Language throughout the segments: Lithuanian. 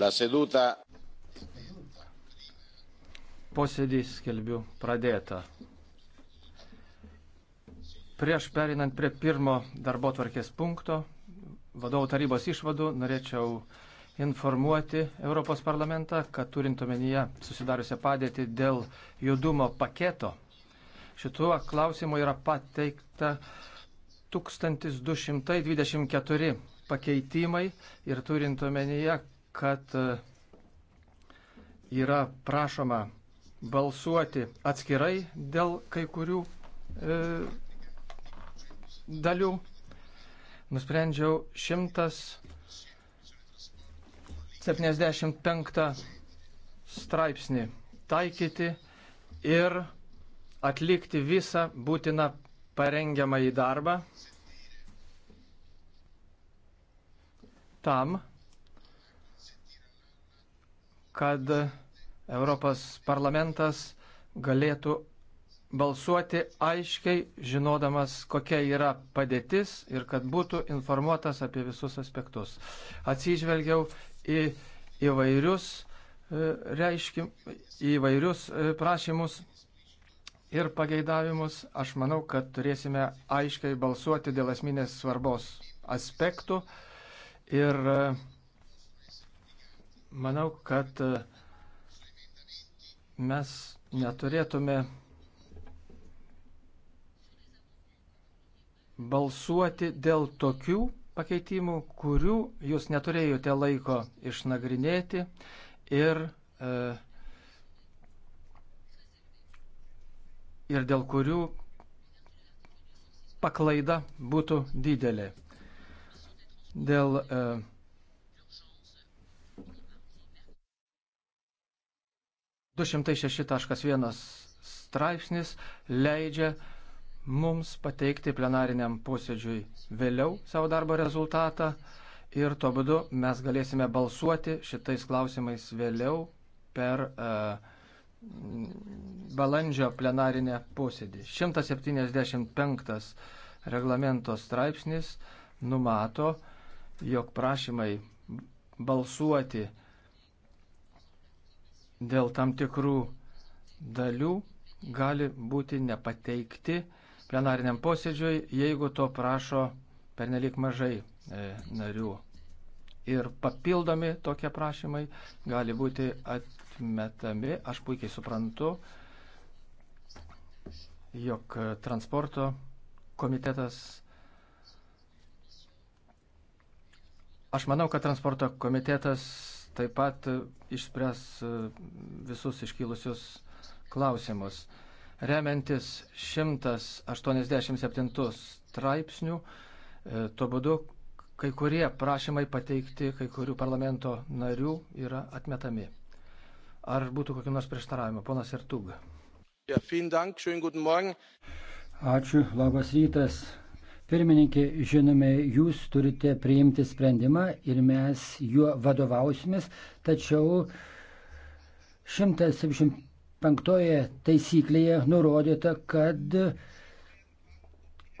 La seduta. Posėdį skelbiu pradėtą. Prieš perinant prie pirmo darbo tvarkės punkto, vadovų tarybos išvadų, norėčiau informuoti Europos parlamentą, kad turint omenyje susidariusią padėtį dėl judumo paketo, šituo klausimu yra pateikta 1224 pakeitimai ir turint omenyje, kad e, yra prašoma balsuoti atskirai dėl kai kurių e, dalių, nusprendžiau 175 straipsnį taikyti ir atlikti visą būtiną parengiamąjį darbą tam, kad Europos parlamentas galėtų balsuoti aiškiai, žinodamas, kokia yra padėtis ir kad būtų informuotas apie visus aspektus. Atsižvelgiau į įvairius, e, reiškim, įvairius e, prašymus ir pageidavimus. Aš manau, kad turėsime aiškiai balsuoti dėl asmenės svarbos aspektų. Ir uh, Manau, kad e, mes neturėtume balsuoti dėl tokių pakeitimų, kurių jūs neturėjote laiko išnagrinėti ir, e, ir dėl kurių paklaida būtų didelė. Dėl e, 206.1 straipsnis leidžia mums pateikti plenariniam posėdžiui vėliau savo darbo rezultatą ir tuo būdu mes galėsime balsuoti šitais klausimais vėliau per uh, balandžio plenarinę posėdį. 175 reglamento straipsnis numato, jog prašymai balsuoti dėl tam tikrų dalių gali būti nepateikti plenariniam posėdžiui, jeigu to prašo pernelik mažai e, narių. Ir papildomi tokie prašymai gali būti atmetami. Aš puikiai suprantu, jog transporto komitetas. Aš manau, kad transporto komitetas taip pat e, išspręs e, visus iškilusius klausimus. Remiantis 187 straipsnių, e, tuo būdu kai kurie prašymai pateikti kai kurių parlamento narių yra atmetami. Ar būtų kokių nors prieštaravimų? Ponas Irtug. Ja, Dank, Ačiū, labas rytas. Pirmininkė, žinome, jūs turite priimti sprendimą ir mes juo vadovausimės, tačiau 175 taisyklėje nurodyta, kad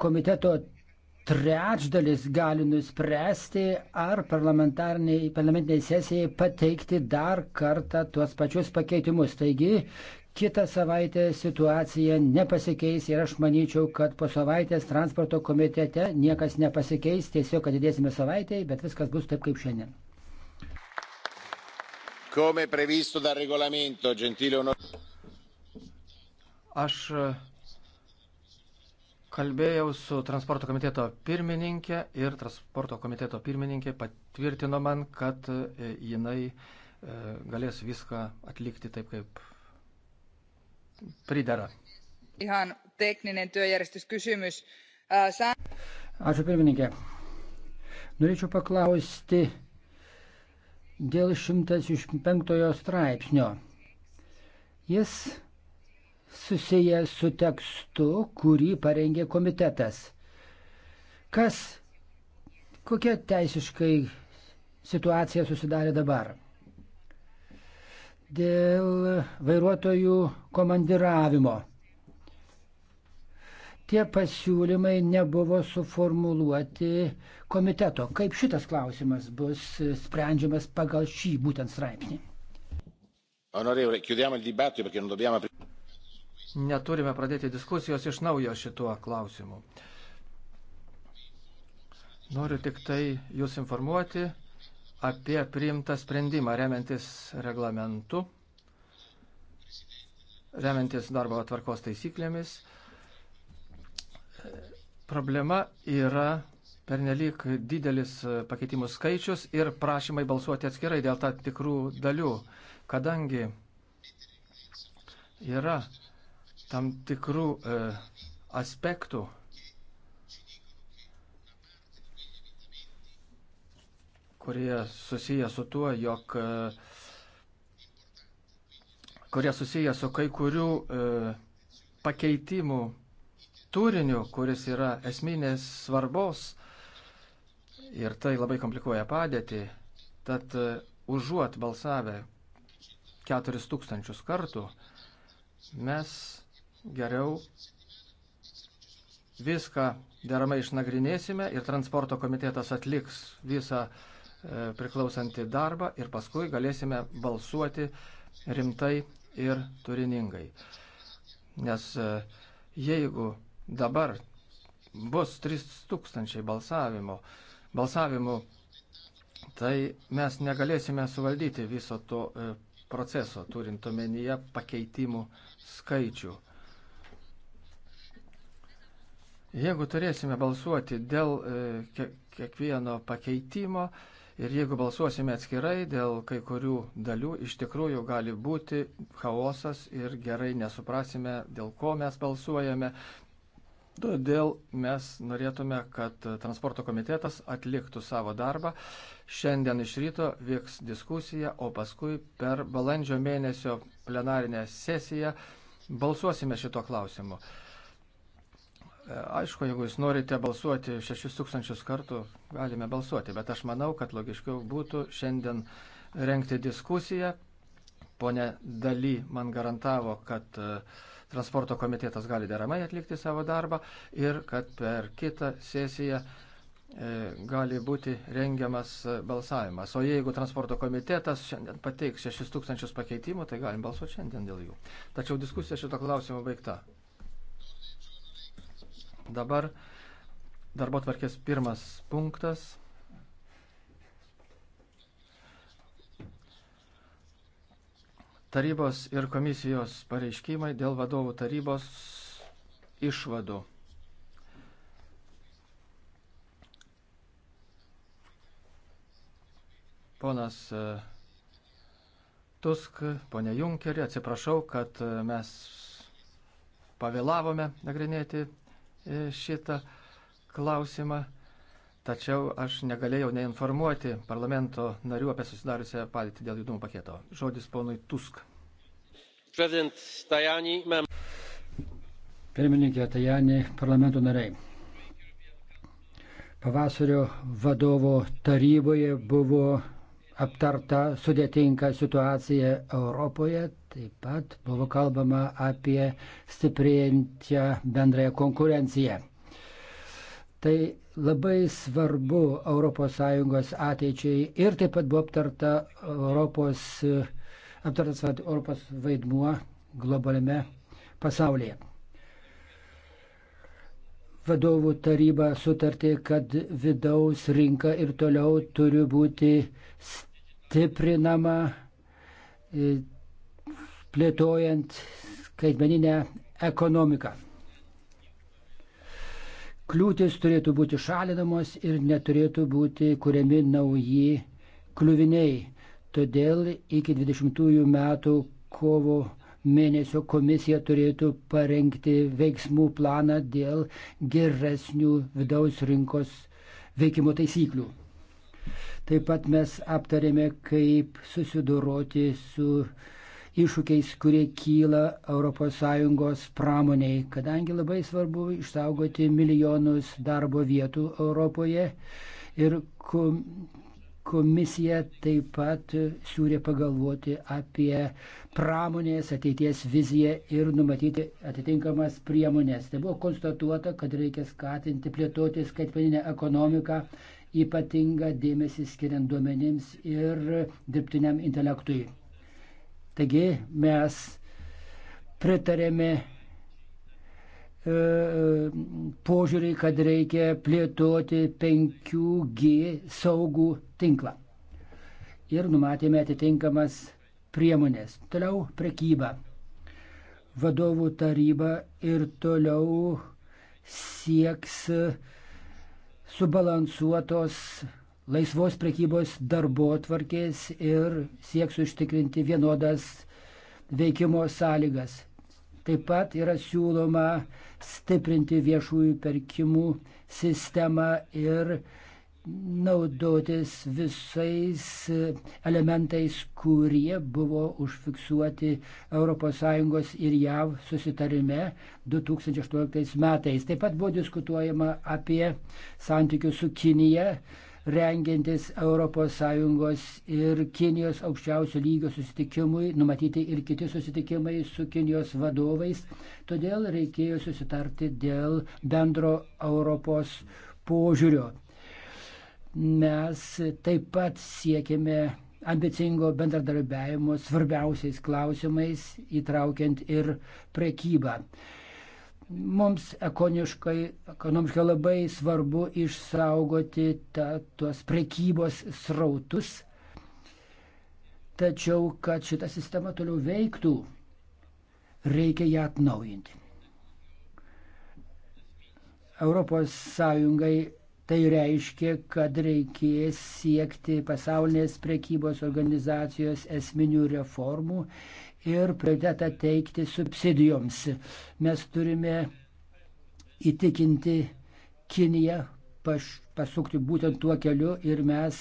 komiteto trečdalis gali nuspręsti, ar parlamentariniai sesijai pateikti dar kartą tuos pačius pakeitimus. Taigi Kita savaitė situacija nepasikeis ir aš manyčiau, kad po savaitės transporto komitete niekas nepasikeis, tiesiog atidėsime savaitėj, bet viskas bus taip kaip šiandien. Gentile... Aš uh, kalbėjau su transporto komiteto pirmininkė ir transporto komiteto pirmininkė patvirtino man, kad uh, jinai uh, galės viską atlikti taip, kaip pridara. Ihan tekninen työjärjestyskysymys. Sään... Ačiū pirmininkė. Norėčiau paklausti dėl 105 straipsnio. Jis susijęs su tekstu, kurį parengė komitetas. Kas, kokia teisiškai situacija susidarė dabar? dėl vairuotojų komandiravimo. Tie pasiūlymai nebuvo suformuluoti komiteto. Kaip šitas klausimas bus sprendžiamas pagal šį būtent straipsnį? Neturime pradėti diskusijos iš naujo šituo klausimu. Noriu tik tai jūs informuoti, apie priimtą sprendimą remiantis reglamentu, remiantis darbo atvarkos taisyklėmis. Problema yra pernelyg didelis pakeitimų skaičius ir prašymai balsuoti atskirai dėl tam tikrų dalių, kadangi yra tam tikrų e, aspektų kurie susiję su tuo, jog e, kurie susiję su kai kurių e, pakeitimų turiniu, kuris yra esminės svarbos ir tai labai komplikuoja padėtį. Tad e, užuot balsavę 4000 kartų, mes geriau viską deramai išnagrinėsime ir transporto komitetas atliks visą E, priklausantį darbą ir paskui galėsime balsuoti rimtai ir turiningai. Nes e, jeigu dabar bus 3000 balsavimo, balsavimų, tai mes negalėsime suvaldyti viso to e, proceso, turint omenyje pakeitimų skaičių. Jeigu turėsime balsuoti dėl kiekvieno pakeitimo, Ir jeigu balsuosime atskirai dėl kai kurių dalių, iš tikrųjų gali būti chaosas ir gerai nesuprasime, dėl ko mes balsuojame. Todėl mes norėtume, kad transporto komitetas atliktų savo darbą. Šiandien iš ryto vyks diskusija, o paskui per balandžio mėnesio plenarinę sesiją balsuosime šito klausimu. Aišku, jeigu jūs norite balsuoti 6000 kartų, galime balsuoti, bet aš manau, kad logiškiau būtų šiandien renkti diskusiją. Pone Daly man garantavo, kad e, transporto komitetas gali deramai atlikti savo darbą ir kad per kitą sesiją e, gali būti rengiamas e, balsavimas. O jeigu transporto komitetas šiandien pateiks 6000 pakeitimų, tai galim balsuoti šiandien dėl jų. Tačiau diskusija šito klausimo baigta. Dabar darbo tvarkės pirmas punktas. Tarybos ir komisijos pareiškimai dėl vadovų tarybos išvadų. Ponas e, Tusk, ponė Junkerį, atsiprašau, kad e, mes pavėlavome nagrinėti E, šitą klausimą, tačiau aš negalėjau neinformuoti parlamento narių apie susidariusią padėtį dėl judumo paketo. Žodis ponui Tusk. Pirmininkė Tajani, parlamento nariai. Pavasario vadovo taryboje buvo aptarta sudėtinga situacija Europoje, Taip pat buvo kalbama apie stiprėjančią bendrąją konkurenciją. Tai labai svarbu ES ateičiai ir taip pat buvo aptarta Europos, aptartas Europos vaidmuo globaliame pasaulyje. Vadovų taryba sutartė, kad vidaus rinka ir toliau turi būti stiprinama plėtojant skaitmeninę ekonomiką. Kliūtis turėtų būti šalinamos ir neturėtų būti kuriami nauji kliuviniai. Todėl iki 20 metų kovo mėnesio komisija turėtų parengti veiksmų planą dėl geresnių vidaus rinkos veikimo taisyklių. Taip pat mes aptarėme, kaip susidoroti su iššūkiais, kurie kyla ES pramoniai, kadangi labai svarbu išsaugoti milijonus darbo vietų Europoje. Ir komisija taip pat siūlė pagalvoti apie pramonės ateities viziją ir numatyti atitinkamas priemonės. Tai buvo konstatuota, kad reikia skatinti plėtoti skaitmeninę ekonomiką, ypatingą dėmesį skiriant duomenims ir dirbtiniam intelektui. Taigi mes pritarėme e, požiūrį, kad reikia plėtoti 5G saugų tinklą. Ir numatėme atitinkamas priemonės. Toliau prekyba. Vadovų taryba ir toliau sieks subalansuotos laisvos prekybos darbo tvarkės ir sieks užtikrinti vienodas veikimo sąlygas. Taip pat yra siūloma stiprinti viešųjų pirkimų sistemą ir naudotis visais elementais, kurie buvo užfiksuoti ES ir JAV susitarime 2018 metais. Taip pat buvo diskutuojama apie santykius su Kinija rengiantis ES ir Kinijos aukščiausio lygio susitikimui, numatyti ir kiti susitikimai su Kinijos vadovais. Todėl reikėjo susitarti dėl bendro Europos požiūrio. Mes taip pat siekime ambicingo bendradarbiavimo svarbiausiais klausimais, įtraukiant ir prekybą. Mums ekonomiškai labai svarbu išsaugoti ta, tuos prekybos srautus, tačiau kad šita sistema toliau veiktų, reikia ją atnaujinti. Europos Sąjungai tai reiškia, kad reikės siekti pasaulinės prekybos organizacijos esminių reformų ir prioritetą teikti subsidijoms. Mes turime įtikinti Kiniją paš, pasukti būtent tuo keliu ir mes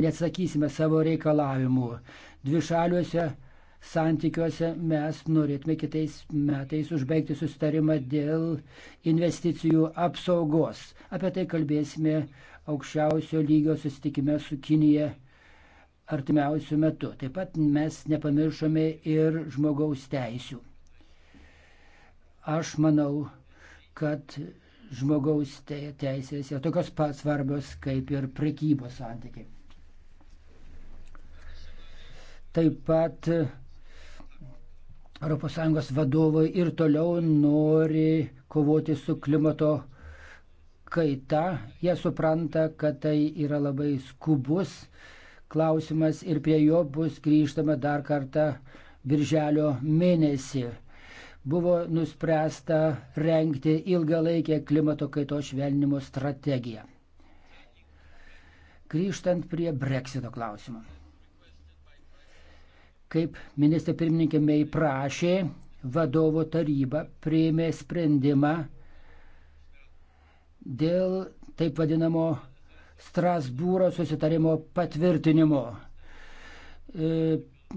nesakysime savo reikalavimų. Dvišaliuose santykiuose mes norėtume kitais metais užbaigti sustarimą dėl investicijų apsaugos. Apie tai kalbėsime aukščiausio lygio susitikime su Kinija artimiausių metų. Taip pat mes nepamiršome ir žmogaus teisių. Aš manau, kad žmogaus teisės yra tokios pat svarbios kaip ir prekybos santykiai. Taip pat ES vadovai ir toliau nori kovoti su klimato kaita. Jie supranta, kad tai yra labai skubus uh, klausimas ir prie jo bus grįžtama dar kartą birželio mėnesį. Buvo nuspręsta renkti ilgalaikę klimato kaitos švelnimo strategiją. Grįžtant prie breksito klausimo. Kaip ministrė pirmininkė Mei prašė, vadovo taryba prieimė sprendimą dėl taip vadinamo Strasbūro susitarimo patvirtinimo. E,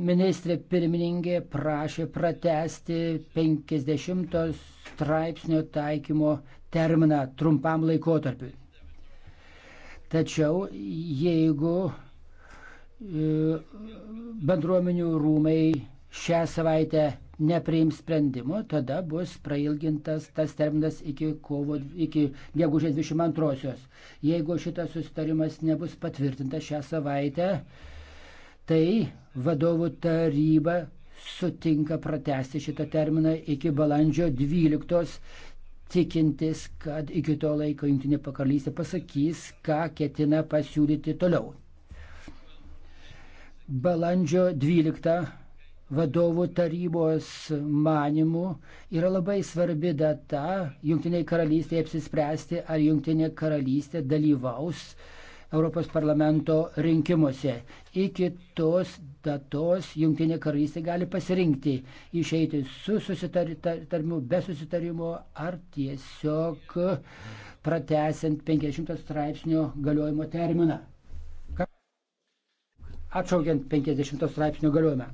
ministrė pirmininkė prašė pratesti 50 straipsnio taikymo terminą trumpam laikotarpiu. Tačiau jeigu e, bendruomenių rūmai šią savaitę nepriims sprendimo, tada bus prailgintas tas terminas iki, kovo, iki gegužės 22-osios. Jeigu šitas susitarimas nebus patvirtintas šią savaitę, tai vadovų taryba sutinka pratesti šitą terminą iki balandžio 12-os, tikintis, kad iki to laiko Junktinė pakarlystė pasakys, ką ketina pasiūlyti toliau. Balandžio 12 vadovų tarybos manimų yra labai svarbi data Junktiniai karalystiai apsispręsti, ar Junktinė karalystė dalyvaus Europos parlamento rinkimuose. Iki tos datos Junktinė karalystė gali pasirinkti išeiti su susitarimu, be susitarimo ar tiesiog pratesiant 50 straipsnio galiojimo terminą. Atšaukiant 50 straipsnio galiojimą.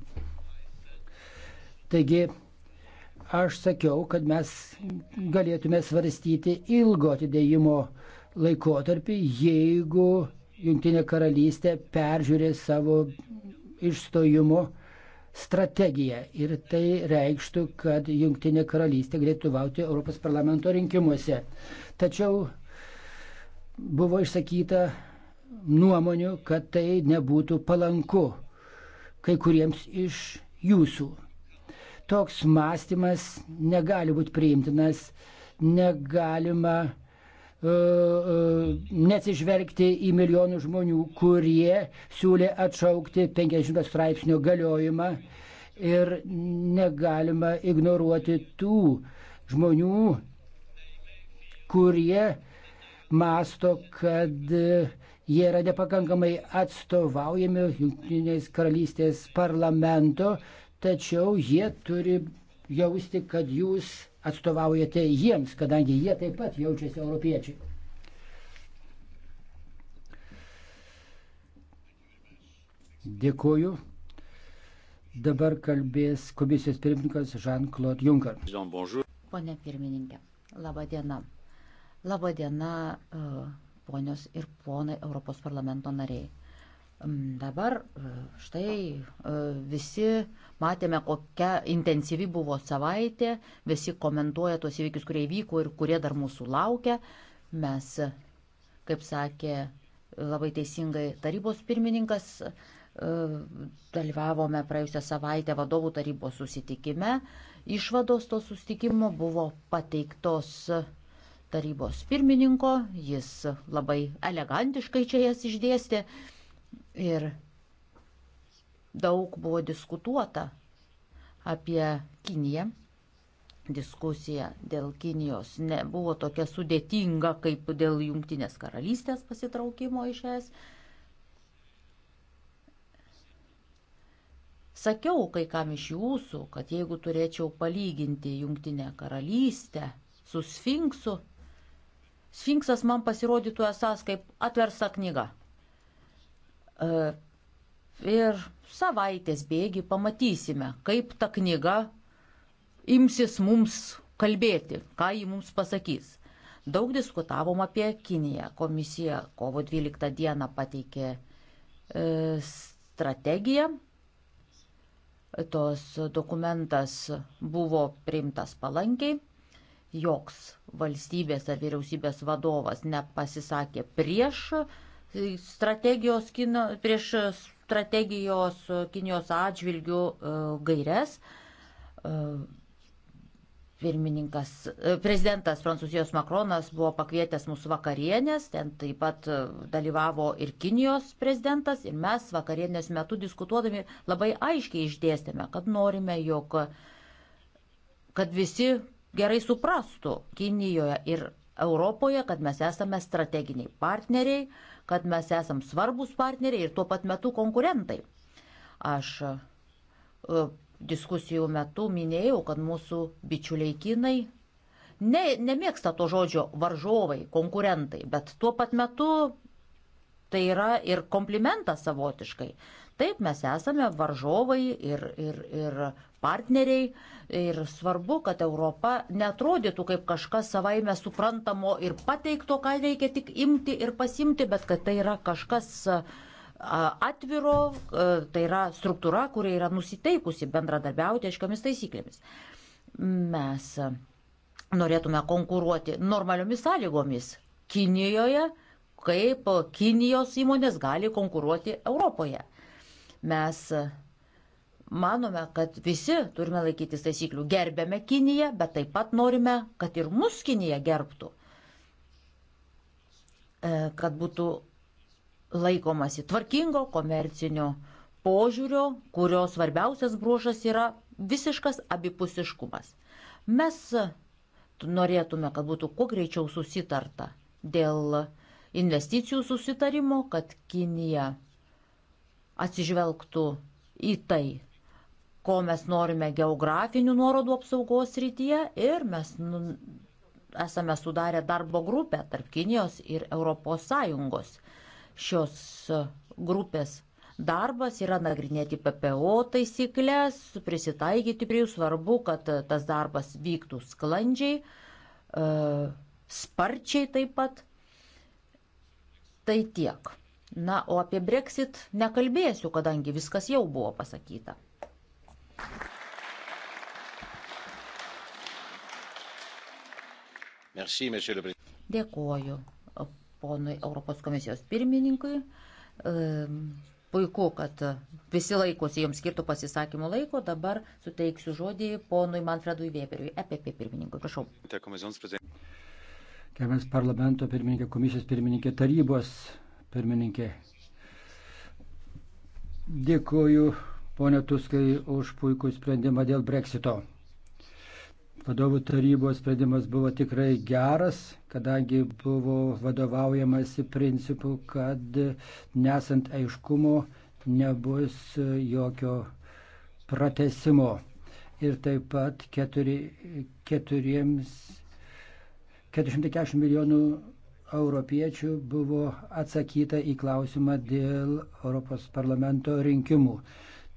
Taigi aš sakiau, kad mes galėtume svarstyti ilgo atidėjimo laikotarpį, jeigu Junktinė karalystė peržiūrės savo išstojimo strategiją. Ir tai reikštų, kad Junktinė karalystė galėtų vauti Europos parlamento rinkimuose. Tačiau buvo išsakyta nuomonių, kad tai nebūtų palanku kai kuriems iš jūsų. Toks mąstymas negali būti priimtinas, negalima uh, uh, neatsižvelgti į milijonų žmonių, kurie siūlė atšaukti 50 straipsnio galiojimą ir negalima ignoruoti tų žmonių, kurie masto, kad jie yra nepakankamai atstovaujami Junktinės karalystės parlamento, tačiau jie turi jausti, kad jūs atstovaujate jiems, kadangi jie taip pat jaučiasi europiečiai. Dėkuoju. Dabar kalbės komisijos pirmininkas Jean-Claude Juncker. Pone pirmininkė, laba diena. Laba diena, e, ponios ir ponai Europos parlamento nariai. Dabar e, štai e, visi matėme, kokia intensyvi buvo savaitė, visi komentuoja tuos įvykius, kurie įvyko ir kurie dar mūsų laukia. Mes, kaip sakė labai teisingai tarybos pirmininkas, e, dalyvavome praėjusią savaitę vadovų tarybos susitikime. Išvados to susitikimo buvo pateiktos tarybos pirmininko, jis labai elegantiškai čia jas išdėstė Ir daug buvo diskutuota apie Kiniją. Diskusija dėl Kinijos nebuvo tokia sudėtinga kaip dėl Junktinės karalystės pasitraukimo iš es. Sakiau kai kam iš jūsų, kad jeigu turėčiau palyginti Junktinę karalystę su Sfinksu, Sfinksas man pasirodytų esas kaip atversta knyga. E, ir savaitės bėgi pamatysime, kaip ta knyga imsis mums kalbėti, ką ji mums pasakys. Daug diskutavom apie Kiniją. Komisija kovo 12 dieną pateikė e, strategiją. Tos dokumentas buvo priimtas palankiai. Joks valstybės ar vyriausybės vadovas nepasisakė prieš strategijos kino, prieš strategijos Kinijos atžvilgių e, gairias. E, pirmininkas, e, prezidentas Prancūzijos Makronas buvo pakvietęs mūsų vakarienės, ten taip pat dalyvavo ir Kinijos prezidentas ir mes vakarienės metu diskutuodami labai aiškiai išdėstėme, kad norime, jog kad visi gerai suprastų Kinijoje ir Europoje, kad mes esame strateginiai partneriai, uh, kad mes esam svarbus partneriai ir tuo pat metu konkurentai. Aš e, diskusijų metu minėjau, kad mūsų bičiuliai kinai ne, nemėgsta to žodžio varžovai, konkurentai, bet tuo pat metu tai yra ir komplimentas savotiškai. Taip, mes esame varžovai ir, ir, ir partneriai ir svarbu, kad Europa netrodytų kaip kažkas savaime suprantamo ir pateikto, ką reikia tik imti ir pasimti, bet kad tai yra kažkas atviro, tai yra struktūra, kuri yra nusiteikusi bendradarbiauti aiškiomis taisyklėmis. Mes norėtume konkuruoti normaliomis sąlygomis Kinijoje, kaip Kinijos įmonės gali konkuruoti Europoje. Mes e, manome, kad visi turime laikytis taisyklių. Gerbėme Kiniją, bet taip pat norime, kad ir mus Kinija gerbtų. E, kad būtų laikomasi tvarkingo komercinio požiūrio, kurio svarbiausias bruožas yra visiškas abipusiškumas. Mes e, norėtume, kad būtų kuo greičiau susitarta dėl investicijų susitarimo, kad Kinija atsižvelgtų į tai, ko mes norime geografinių nuorodų apsaugos rytyje ir mes nu, esame sudarę darbo grupę tarp Kinijos ir ES. Šios e, grupės darbas yra nagrinėti PPO taisyklės, prisitaikyti prie jų svarbu, kad e, tas darbas vyktų sklandžiai, e, sparčiai taip pat. Tai tiek. Na, o apie Brexit nekalbėsiu, kadangi viskas jau buvo pasakyta. Merci, Dėkoju ponui Europos komisijos pirmininkui. Puiku, kad visi laikosi jums skirtų pasisakymų laiko. Dabar suteiksiu žodį ponui Manfredui Weberiui, EPP pirmininkui. Prašau. Gerbiamas parlamento pirmininkė, komisijos pirmininkė, tarybos pirmininkė. Dėkuoju, ponė Tuskai, už puikų sprendimą dėl breksito. Vadovų tarybos sprendimas buvo tikrai geras, kadangi buvo vadovaujamasi principu, kad nesant aiškumo nebus jokio pratesimo. Ir taip pat keturi, keturiems, 440 milijonų europiečių buvo atsakyta į klausimą dėl Europos parlamento rinkimų.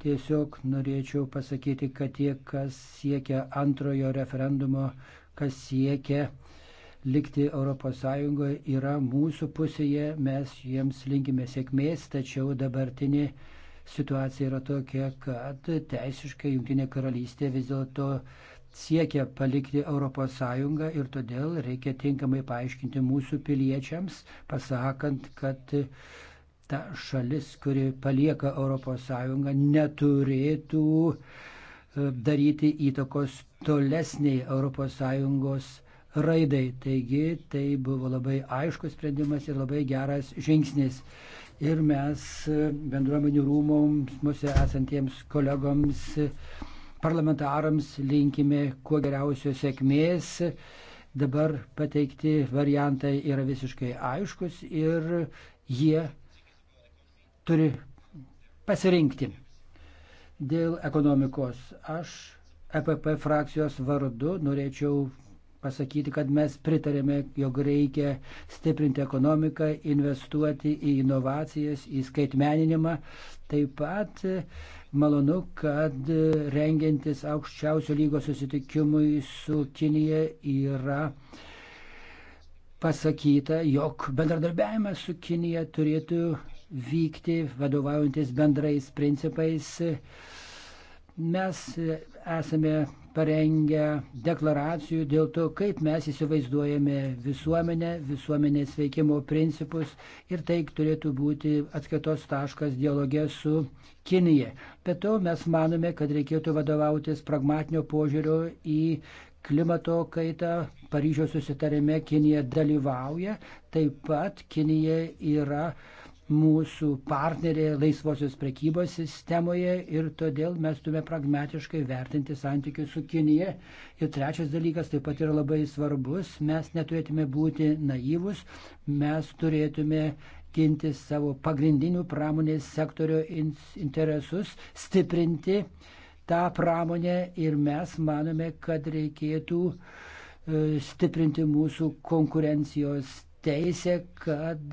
Tiesiog norėčiau pasakyti, kad tie, kas siekia antrojo referendumo, kas siekia likti ES, yra mūsų pusėje, mes jiems linkime sėkmės, tačiau dabartinė situacija yra tokia, kad teisiškai Junktinė karalystė vis dėlto siekia palikti ES ir todėl reikia tinkamai paaiškinti mūsų piliečiams, pasakant, kad ta šalis, kuri palieka ES, neturėtų e, daryti įtakos tolesniai ES raidai. Taigi tai buvo labai aiškus sprendimas ir labai geras žingsnis. Ir mes e, bendruomenių rūmoms, mūsų esantiems kolegoms Parlamentarams linkime kuo geriausios sėkmės. Dabar pateikti variantai yra visiškai aiškus ir jie turi pasirinkti. Dėl ekonomikos aš EPP frakcijos vardu norėčiau pasakyti, kad mes pritarėme, jog reikia stiprinti ekonomiką, investuoti į inovacijas, į skaitmeninimą. Taip pat Malonu, kad e, rengiantis aukščiausio lygos susitikimui su Kinija yra pasakyta, jog bendradarbiavimas su Kinija turėtų vykti vadovaujantis bendrais principais. Mes e, esame parengę deklaracijų dėl to, kaip mes įsivaizduojame visuomenę, visuomenės veikimo principus ir tai turėtų būti atskaitos taškas dialogė su Kinija. Bet to mes manome, kad reikėtų vadovautis pragmatinio požiūrio į klimato kaitą. Paryžiaus susitarime Kinija dalyvauja, taip pat Kinija yra uh, mūsų partnerė laisvosios prekybos sistemoje ir todėl mes turime pragmatiškai vertinti santykius su Kinija. Ir trečias dalykas taip pat yra labai svarbus, mes neturėtume būti naivus, mes turėtume ginti savo pagrindinių pramonės sektorio interesus, stiprinti tą pramonę ir mes manome, kad reikėtų e, stiprinti mūsų konkurencijos teisę, kad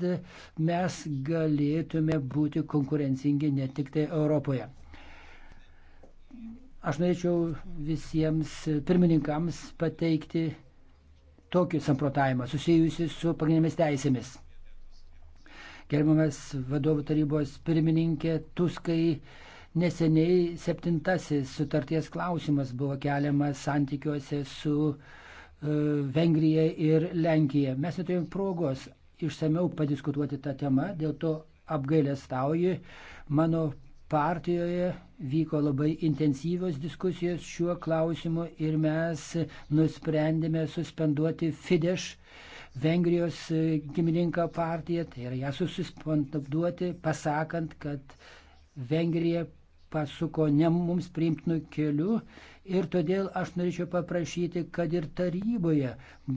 mes galėtume būti konkurencingi ne tik tai Europoje. Aš norėčiau visiems pirmininkams pateikti tokį samprotavimą susijusi su pagrindinėmis teisėmis. Gerbiamas vadovų tarybos pirmininkė Tuskai, neseniai septintasis sutarties klausimas buvo keliamas santykiuose su uh, E, Vengrija ir Lenkija. Mes neturėjom progos išsameu padiskutuoti tą temą, dėl to apgailestauju. Mano partijoje vyko labai intensyvios diskusijos šiuo klausimu ir mes nusprendėme suspenduoti Fidesz. Vengrijos e, gimininką partiją, tai yra ją susispantabduoti, pasakant, kad Vengrija pasuko ne mums priimtinų kelių Ir todėl aš norėčiau paprašyti, kad ir taryboje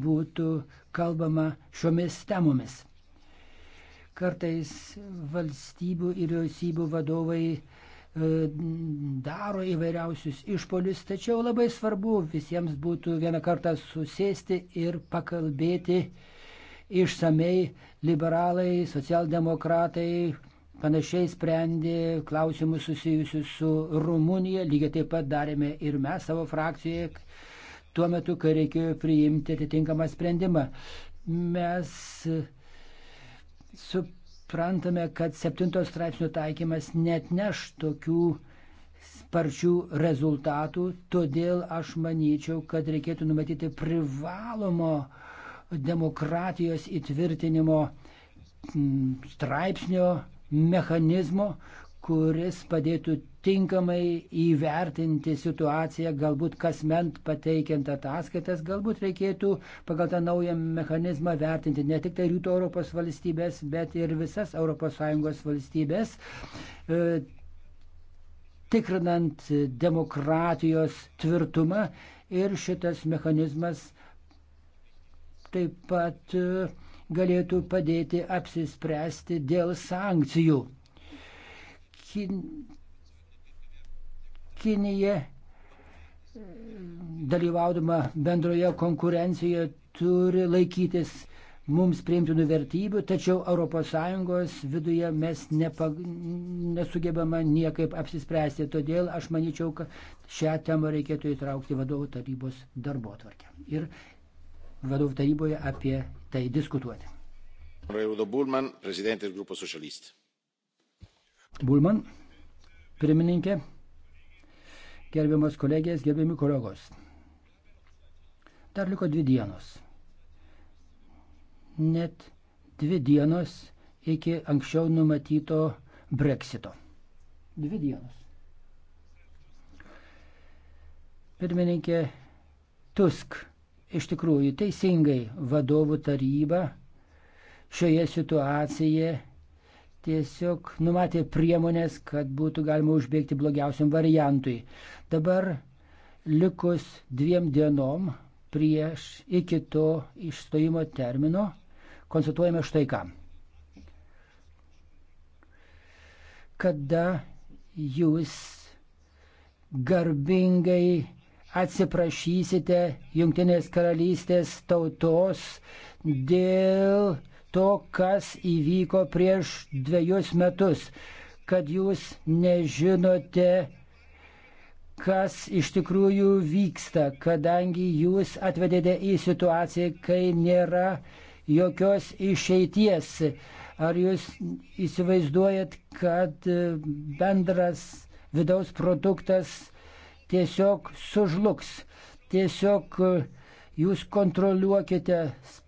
būtų kalbama šiomis temomis. Kartais valstybių ir vyriausybių vadovai e, daro įvairiausius išpolius, tačiau labai svarbu visiems būtų vieną kartą susėsti ir pakalbėti išsamei liberalai, socialdemokratai, panašiai sprendė klausimus susijusius su Rumunija, lygiai taip pat darėme ir mes savo frakcijoje tuo metu, kai reikėjo priimti atitinkamą sprendimą. Mes suprantame, kad septintos straipsnio taikymas net neš tokių sparčių rezultatų, todėl aš manyčiau, kad reikėtų numatyti privalomo demokratijos įtvirtinimo mm, straipsnio mechanizmo, kuris padėtų tinkamai įvertinti situaciją, galbūt kasment pateikiant ataskaitas, galbūt reikėtų pagal tą naują mechanizmą vertinti ne tik tai Rytų Europos valstybės, bet ir visas ES valstybės, e, tikrinant demokratijos tvirtumą ir šitas mechanizmas taip pat uh, galėtų padėti apsispręsti dėl sankcijų. Kin... Kinija e, dalyvaudama bendroje konkurencijoje turi laikytis mums priimtinų vertybių, tačiau ES viduje mes nepa, nesugebama niekaip apsispręsti. Todėl aš manyčiau, kad šią temą reikėtų įtraukti vadovų tarybos darbo tvarkę. Ir vadovų taryboje apie tai diskutuoti. Bulman, prezidentės grupo socialistų. Bulman, pirmininkė, gerbiamas kolegės, gerbiami kolegos. Dar liko dvi dienos. Net dvi dienos iki anksčiau numatyto breksito. Dvi dienos. Pirmininkė Tusk iš tikrųjų teisingai vadovų taryba šioje situacijoje tiesiog numatė priemonės, kad būtų galima užbėgti blogiausiam variantui. Dabar likus dviem dienom prieš iki to išstojimo termino konstatuojame štai ką. Kada jūs garbingai atsiprašysite Junktinės karalystės tautos dėl to, kas įvyko prieš dviejus metus, kad jūs nežinote, kas iš tikrųjų vyksta, kadangi jūs atvedėte į situaciją, kai nėra jokios išeities. Ar jūs įsivaizduojat, kad bendras vidaus produktas tiesiog sužlugs. Tiesiog e, jūs kontroliuokite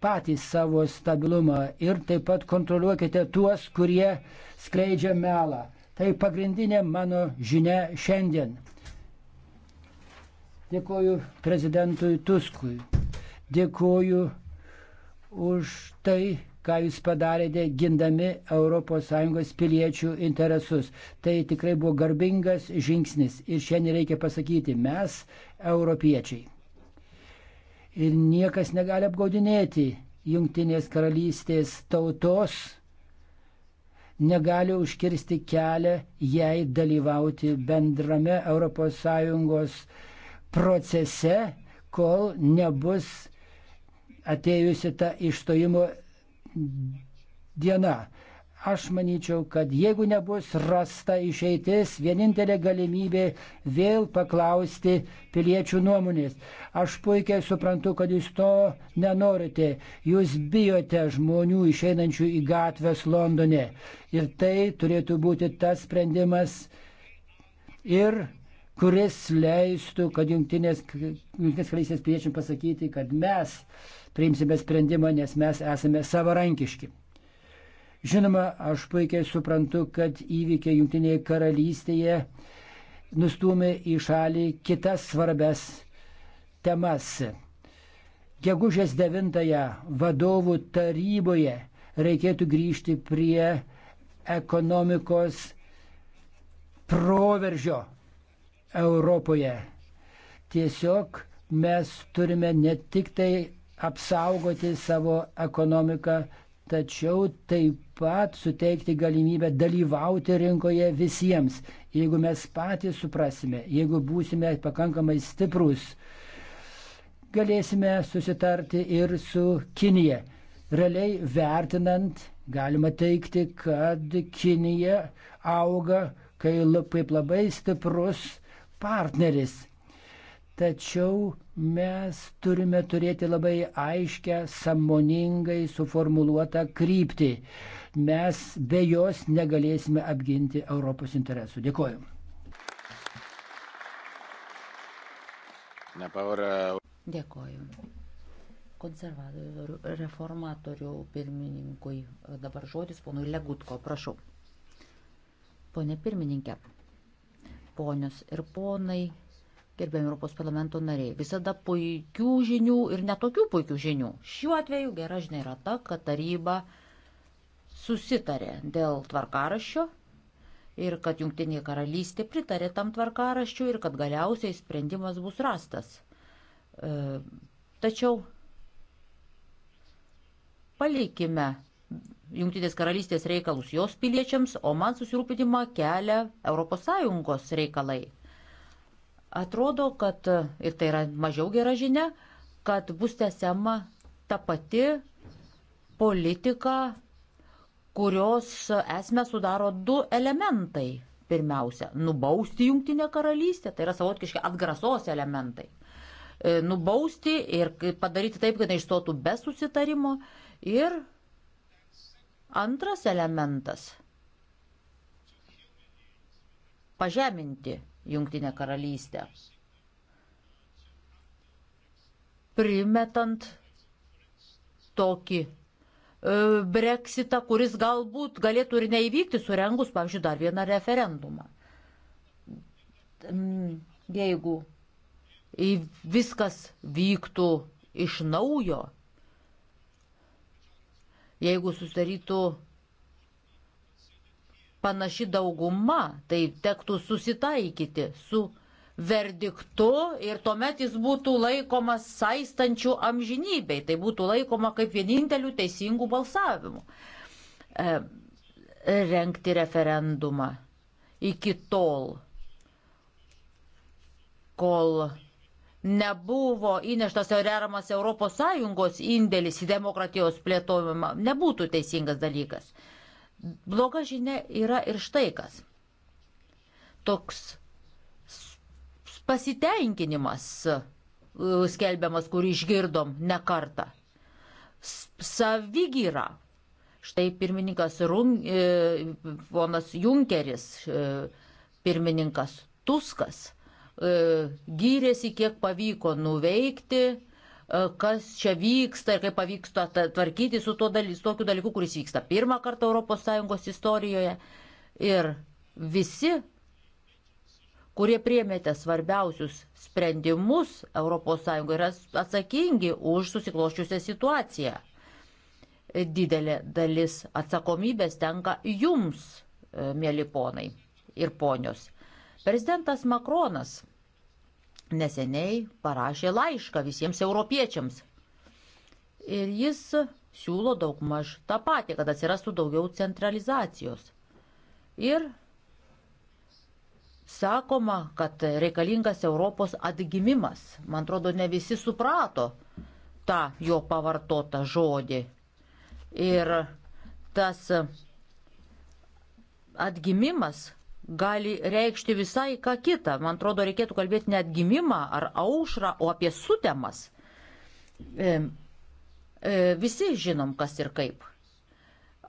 patys savo stabilumą ir taip pat kontroliuokite tuos, kurie skleidžia melą. Tai pagrindinė mano žinia šiandien. Dėkoju prezidentui Tuskui. Dėkoju už tai, ką jūs padarėte gindami ES piliečių interesus. Tai tikrai buvo garbingas žingsnis ir šiandien reikia pasakyti, mes europiečiai. Ir niekas negali apgaudinėti Junktinės karalystės tautos, negali užkirsti kelią jai dalyvauti bendrame ES procese, kol nebus atėjusi ta išstojimo diena. Aš manyčiau, kad jeigu nebus rasta išeitis, vienintelė galimybė vėl paklausti piliečių nuomonės. Aš puikiai suprantu, kad jūs to nenorite. Jūs bijote žmonių išeinančių į gatves Londone. Ir tai turėtų būti tas sprendimas ir kuris leistų, kad jungtinės, jungtinės karalystės piliečiams pasakyti, kad mes priimsime sprendimą, nes mes esame savarankiški. Žinoma, aš puikiai suprantu, kad įvykiai jungtinėje karalystėje nustumė į šalį kitas svarbes temas. Gegužės 9 vadovų taryboje reikėtų grįžti prie ekonomikos proveržio Europoje. Tiesiog mes turime ne tik tai apsaugoti savo ekonomiką, tačiau taip pat suteikti galimybę dalyvauti rinkoje visiems. Jeigu mes patys suprasime, jeigu būsime pakankamai stiprus, galėsime susitarti ir su Kinija. Realiai vertinant, galima teikti, kad Kinija auga kaip labai stiprus partneris. Tačiau mes turime turėti labai aiškę, samoningai suformuluotą kryptį. Mes be jos negalėsime apginti Europos interesų. Dėkuoju. Dėkuoju. Konservatorių reformatorių pirmininkui. Dabar žodis ponui Legutko, prašau. Pone pirmininkė, ponios ir ponai, gerbėmi Europos parlamento nariai. Visada puikių žinių ir netokių puikių žinių. Šiuo atveju gera žinia yra ta, kad taryba susitarė dėl tvarkaraščio ir kad Junktinė karalystė pritarė tam tvarkaraščiu ir kad galiausiai sprendimas bus rastas. E, tačiau palikime Junktinės karalystės reikalus jos piliečiams, o man susirūpinimą kelia ES reikalai. Atrodo, kad, ir tai yra mažiau gera žinia, kad bus tęsiama ta pati politika, kurios esmę sudaro du elementai. Pirmiausia, nubausti Junktinę karalystę, tai yra savotiški atgrasos elementai. E, nubausti ir padaryti taip, kad neišstotų be susitarimo ir Antras elementas - pažeminti Jungtinę karalystę, primetant tokį e, breksitą, kuris galbūt galėtų ir neįvykti surengus, pavyzdžiui, dar vieną referendumą. Mm, jeigu viskas vyktų iš naujo, Jeigu sustarytų panaši dauguma, tai tektų susitaikyti su verdiktu ir tuomet jis būtų laikomas saistančių amžinybei. Tai būtų laikoma kaip vieninteliu teisingu balsavimu. E, renkti referendumą iki tol, kol nebuvo įneštas reramas ES indėlis į demokratijos plėtojimą, nebūtų teisingas dalykas. Bloga žinia yra ir štai kas. Toks pasitenkinimas e, skelbiamas, kurį išgirdom ne kartą. Savigyra. Štai pirmininkas Rung, e, Vonas Junkeris, e, pirmininkas Tuskas E, gyrėsi, kiek pavyko nuveikti, e, kas čia vyksta ir kaip pavyksta tvarkyti su dalis, tokiu dalyku, kuris vyksta pirmą kartą ES istorijoje. Ir visi, kurie priemėte svarbiausius sprendimus ES, yra atsakingi už susikloščiusią situaciją. Didelė dalis atsakomybės tenka jums, e, mėly ponai ir ponios. Prezidentas Makronas neseniai parašė laišką visiems europiečiams. Ir jis siūlo daugmaž tą patį, kad atsirastų daugiau centralizacijos. Ir sakoma, kad reikalingas Europos atgimimas. Man atrodo, ne visi suprato tą jo pavartotą žodį. Ir tas atgimimas gali reikšti visai ką kitą. Man atrodo, reikėtų kalbėti ne atgimimą ar aušrą, o apie sutemas. E, e, visi žinom, kas ir kaip.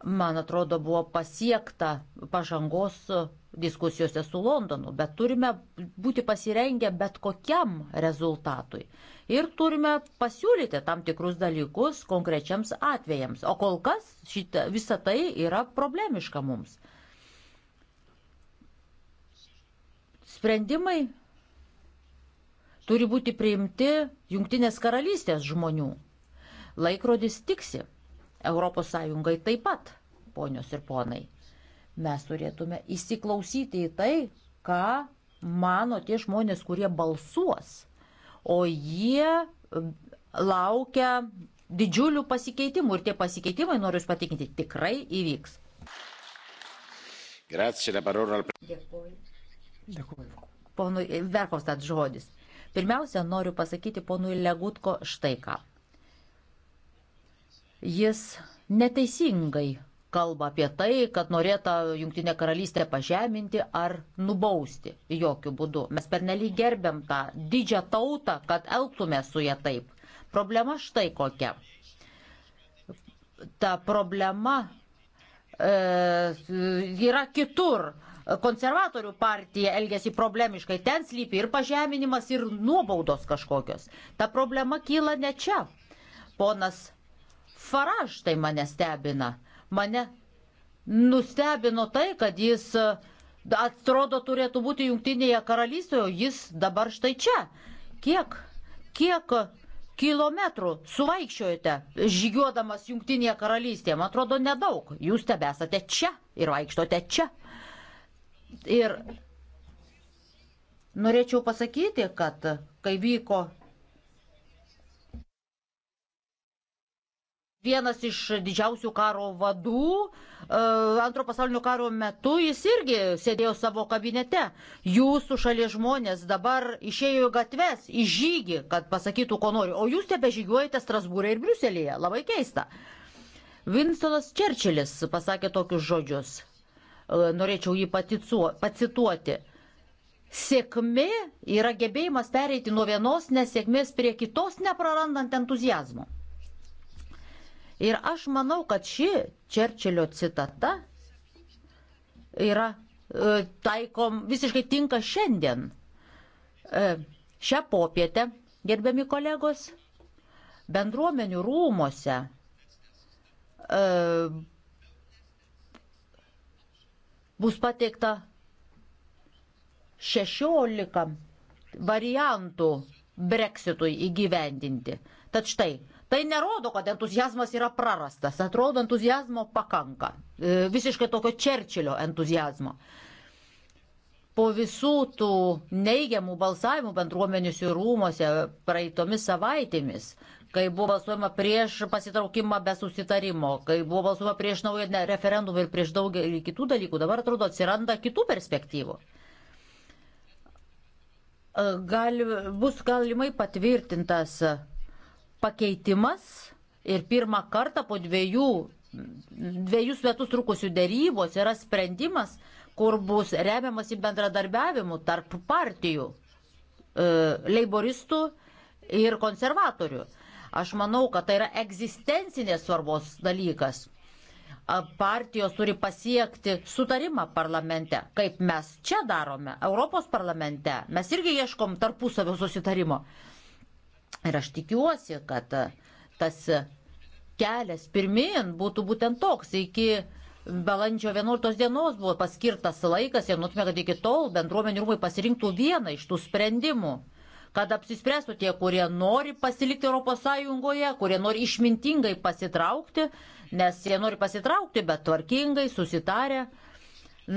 Man atrodo, buvo pasiekta pažangos diskusijose su Londonu, bet turime būti pasirengę bet kokiam rezultatui. Ir turime pasiūlyti tam tikrus dalykus konkrečiams atvejams. O kol kas šita, visa tai yra problemiška mums. Sprendimai turi būti priimti Junktinės karalystės žmonių. Laikrodis tiksi. ES taip pat, ponios ir ponai. Mes turėtume įsiklausyti į tai, ką mano tie žmonės, kurie balsuos. O jie e, laukia didžiulių pasikeitimų ir tie pasikeitimai, noriu Jūs patikinti, tikrai įvyks. Grazie, la parola al... Dėkuoju. Dėkuoju. Ponui Verhofstadt žodis. Pirmiausia, noriu pasakyti ponui Legutko štai ką. Jis neteisingai kalba apie tai, kad norėta Junktinė karalystė pažeminti ar nubausti jokių būdų. Mes pernelyg gerbiam tą didžią tautą, kad elgtume su ją taip. Problema štai kokia. Ta problema e, yra kitur konservatorių partija elgesi problemiškai. Ten slypi ir pažeminimas, ir nuobaudos kažkokios. Ta problema kyla ne čia. Ponas Faraž tai mane stebina. Mane nustebino tai, kad jis e, atrodo turėtų būti jungtinėje karalystėje, o jis dabar štai čia. Kiek, kiek kilometrų suvaikščiojate žygiuodamas jungtinėje karalystėje? Man atrodo nedaug. Jūs tebesate čia ir vaikštote čia. Ir norėčiau pasakyti, kad kai vyko vienas iš didžiausių karo vadų, e, antro pasaulinio karo metu jis irgi sėdėjo savo kabinete. Jūsų šalies žmonės dabar išėjo į gatves, į žygį, kad pasakytų, ko nori, o jūs tebe žygiuojate Strasbūrė ir Briuselėje. Labai keista. Winstonas Čerčilis pasakė tokius žodžius. E, norėčiau jį pacituoti. Sėkmė yra gebėjimas pereiti nuo vienos nesėkmės prie kitos, neprarandant entuzijazmo. Ir aš manau, kad ši Čerčilio citata yra e, taikom visiškai tinka šiandien. E, šią popietę, gerbiami kolegos, bendruomenių rūmose e, bus pateikta 16 variantų breksitui įgyvendinti. Tad štai, tai nerodo, kad entuzijazmas yra prarastas. Atrodo, entuzijazmo pakanka. E, visiškai tokio Čerčilio entuzijazmo. Po visų tų neigiamų balsavimų bendruomenių rūmose praeitomis savaitėmis kai buvo balsuojama prieš pasitraukimą be susitarimo, kai buvo balsuojama prieš naują referendumą ir prieš daugelį kitų dalykų, dabar atrodo atsiranda kitų perspektyvų. E, gal, bus galimai patvirtintas pakeitimas ir pirmą kartą po dviejų, dviejus metus trukusių dėrybos yra sprendimas, kur bus remiamas į bendradarbiavimu tarp partijų, e, leiboristų ir konservatorių. Aš manau, kad tai yra egzistencinės svarbos dalykas. Partijos turi pasiekti sutarimą parlamente, kaip mes čia darome, Europos parlamente. Mes irgi ieškom tarpusavio susitarimo. Ir aš tikiuosi, kad tas kelias pirmin būtų būtent toks. Iki balandžio 11 dienos buvo paskirtas laikas ir nutume, kad iki tol bendruomenių rūmai pasirinktų vieną iš tų sprendimų kad apsispręstų tie, kurie nori pasilikti ES, kurie nori išmintingai pasitraukti, nes jie nori pasitraukti, bet tvarkingai, susitarę.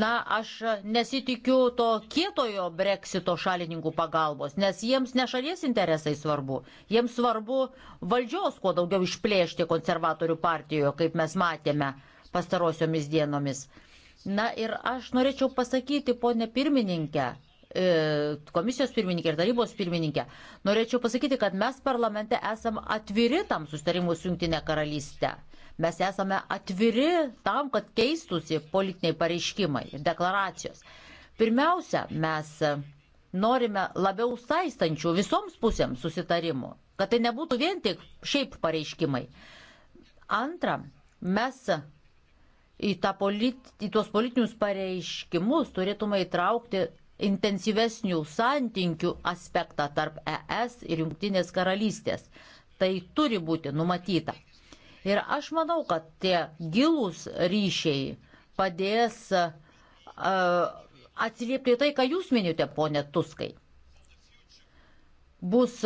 Na, aš nesitikiu to kietojo breksito šalininkų pagalbos, nes jiems ne šalies interesai svarbu, jiems svarbu valdžios kuo daugiau išplėšti konservatorių partijoje, kaip mes matėme pastarosiomis dienomis. Na ir aš norėčiau pasakyti, ponė pirmininkė, E, komisijos pirmininkė ir tarybos pirmininkė. Norėčiau pasakyti, kad mes parlamente esam atviri tam sustarimui su Junktinė karalystė. Mes esame atviri tam, kad keistusi politiniai pareiškimai ir deklaracijos. Pirmiausia, mes norime labiau saistančių visoms pusėms susitarimų, kad tai nebūtų vien tik šiaip pareiškimai. Antra, mes į, polit, į tuos politinius pareiškimus turėtume įtraukti intensyvesnių santykių aspektą tarp ES ir Junktinės karalystės. Tai turi būti numatyta. Ir aš manau, kad tie gilūs ryšiai padės uh, atsiliepti tai, ką jūs minėjote, ponė Tuskai. Bus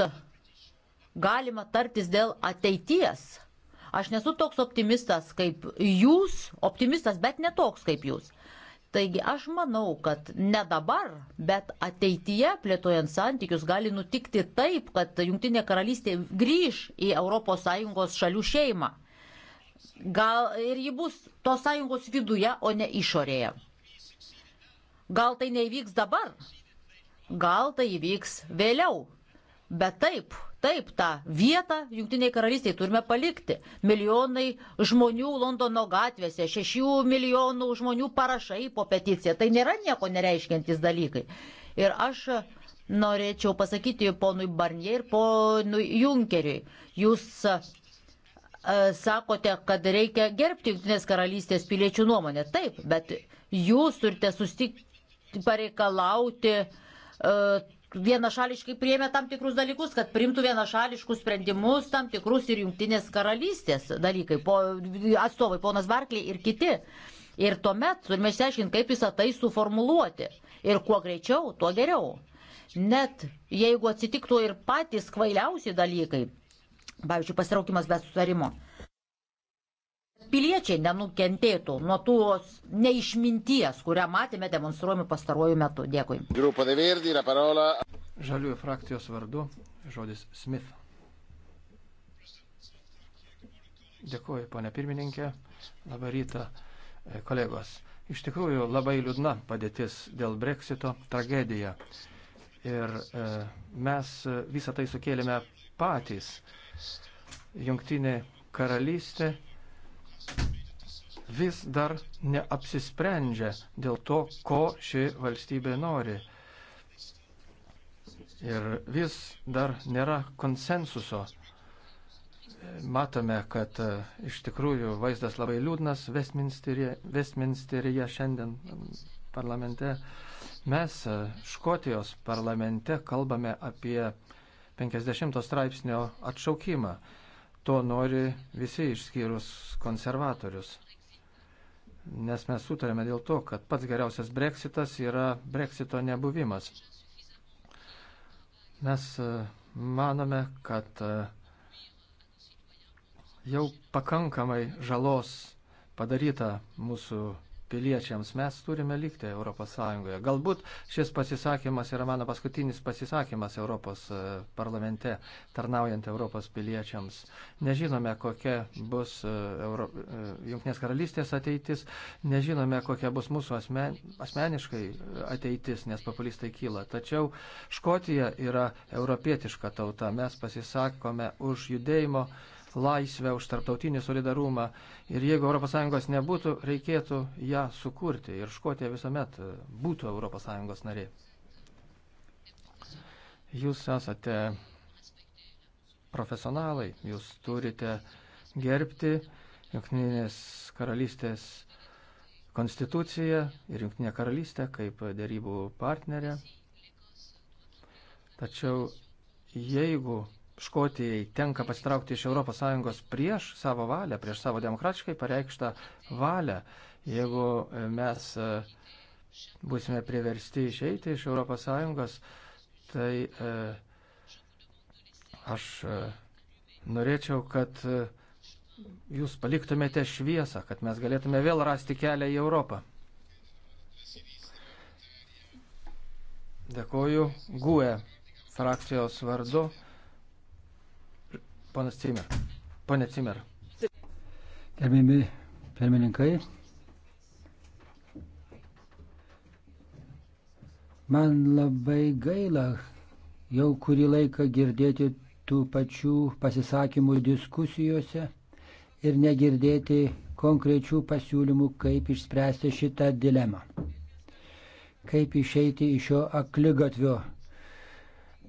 galima tartis dėl ateities. Aš nesu toks optimistas kaip jūs, optimistas, bet netoks kaip jūs. Uh, Taigi aš manau, kad ne dabar, bet ateityje plėtojant santykius gali nutikti taip, kad Junktinė karalystė grįž į ES šalių šeimą. Gal ir ji bus tos sąjungos viduje, o ne išorėje. Gal tai neįvyks dabar, gal tai įvyks vėliau, bet taip Taip, tą vietą Junktiniai karalystiai turime palikti. Milijonai žmonių Londono gatvėse, šešių milijonų žmonių parašai po peticiją. Tai nėra nieko nereiškiantis dalykai. Ir aš norėčiau pasakyti ponui Barnier ir ponui Junkeriui. Jūs e, sakote, kad reikia gerbti Junktinės karalystės piliečių nuomonę. Taip, bet jūs turite sustikti pareikalauti e, vienašališkai priėmė tam tikrus dalykus, kad primtų vienašališkus sprendimus, tam tikrus ir jungtinės karalystės dalykai, po, atstovai, ponas Barkley ir kiti. Ir tuomet turime išsiaiškinti, kaip visą tai suformuluoti. Ir kuo greičiau, tuo geriau. Net jeigu atsitiktų ir patys kvailiausi dalykai, pavyzdžiui, pasiraukimas be sutarimo piliečiai nenukentėtų nuo tos neišminties, kurią matėme demonstruojami pastaruoju metu. Dėkui. Verdi, parola... Žaliųjų frakcijos vardu žodis Smith. Dėkuoju, ponė pirmininkė. Labą rytą, e, kolegos. Iš tikrųjų, labai liūdna padėtis dėl breksito tragedija. Ir e, mes e, visą tai sukėlėme patys. Jungtinė karalystė vis dar neapsisprendžia dėl to, ko ši valstybė nori. Ir vis dar nėra konsensuso. Matome, kad e, iš tikrųjų vaizdas labai liūdnas Westminsteryje šiandien parlamente. Mes e, Škotijos parlamente kalbame apie 50 straipsnio atšaukimą. To nori visi išskyrus konservatorius. Nes mes sutarėme dėl to, kad pats geriausias breksitas yra breksito nebuvimas. Mes e, manome, kad e, jau pakankamai žalos padaryta mūsų piliečiams. Mes turime likti Europos Sąjungoje. Galbūt šis pasisakymas yra mano paskutinis pasisakymas Europos e, parlamente, tarnaujant Europos piliečiams. Nežinome, kokia bus e, Euro... E, Junknės karalystės ateitis, nežinome, kokia bus mūsų asmen... asmeniškai ateitis, nes populistai kyla. Tačiau Škotija yra europietiška tauta. Mes pasisakome už judėjimo laisvę, už tarptautinį solidarumą. Ir jeigu ES nebūtų, reikėtų ją sukurti. Ir Škotija visuomet būtų ES narė. Jūs esate profesionalai, jūs turite gerbti Junktinės karalystės konstituciją ir Junktinę karalystę kaip dėrybų partnerę. Tačiau jeigu Škotijai tenka pasitraukti iš ES prieš savo valią, prieš savo demokratiškai pareikštą valią. Jeigu mes e, būsime priversti išeiti iš ES, tai e, aš e, norėčiau, kad e, jūs paliktumėte šviesą, kad mes galėtume vėl rasti kelią į Europą. Dėkoju GUE frakcijos vardu. Ponas Cimer. Pone Cimer. Gerbimi pirmininkai. Man labai gaila jau kurį laiką girdėti tų pačių pasisakymų diskusijose ir negirdėti konkrečių pasiūlymų, kaip išspręsti šitą dilemą. Kaip išeiti iš šio akligatvio.